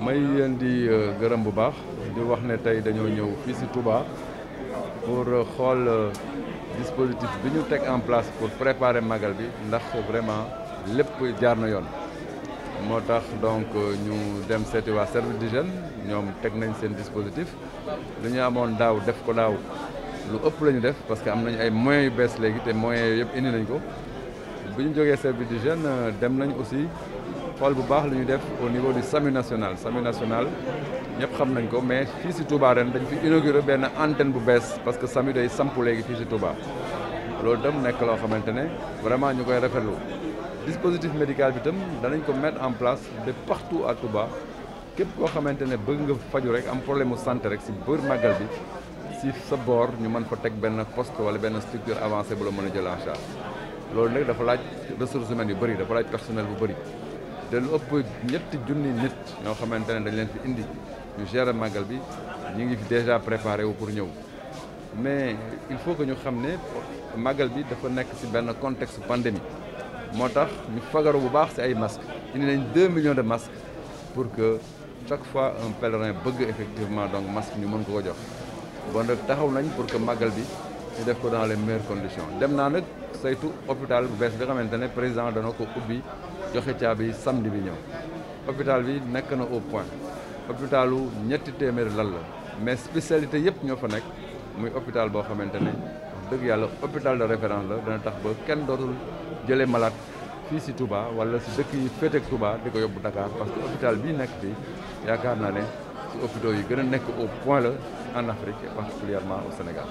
may yéen di euh, gërëm bu baax di wax ne tey dañoo ñëw fii si Touba pour euh, xool euh, dispositif bi ñu teg en place pour préparer magal bi ndax vraiment lépp jaar na yoon moo tax donc ñu dem seeti waa service d'hygiène ñoom teg nañ seen dispositif lu ñu amoon daaw def ko daaw lu ëpp la ñu def parce que am nañu ay moyens yu bees léegi te moyens yooyu yëpp indi nañ ko bi ñu jógee service d'hygiène dem nañ aussi xool bu baax lu ñu def au niveau du SAMU national SAMU national ñëpp xam nañ ko mais fii si Touba ren dañ fi inauguré benn antenne bu bees parce que SAMU day samp léegi fii si Touba loolu itam nekk loo xamante ne vraiment ñu koy rafetlu dispositif médical bi itam danañ ko mettre en place de partout à Touba képp koo xamante ne bëgg nga faju rek am problème mu santé rek si bër màggal bi si sa boor ñu mën fa teg benn poste wala benn structure avancée bu la mën a jël en charge loolu nag dafa laaj ressources humaines yu bëri dafa laaj personnel bu bëri te lu ëpp ñetti junni nit ñoo xamante ne dañ leen fi indi ñu gérer màggal bi ñu ngi fi déjà préparé wu pour ñëw mais il faut que ñu xam ne màggal bi dafa nekk ci benn contexte pandémie moo tax ñu fagaro bu baax ci ay masques indi nañ de million de masques pour que chaque fois un pèlerin bëgg effectivement donc masque ñu mën ko ko jox bon nag taxaw nañ pour que màggal bi ñu def ko dans les meilleures conditions dem naa nag saytu hôpital bu bees bi nga xamante ne président dana ko ubbi joxe caabi samedi bi ñëw hopital bi nekk na au point hôpitalu ñetti téeméeri lal la mais spécialité yëpp ñoo fa nekk muy hôpital boo xamante ne dëgg yàlla hopital de référence la dana tax ba kenn dootul jëlee malaat fii si Touba wala si dëkk yi féete ak Touba di ko yóbbu Dakar parce que hôpital bii nekk fii yaakaar naa ne si hôpitaux yi gën a nekk au point la en Afrique et particulièrement au Sénégal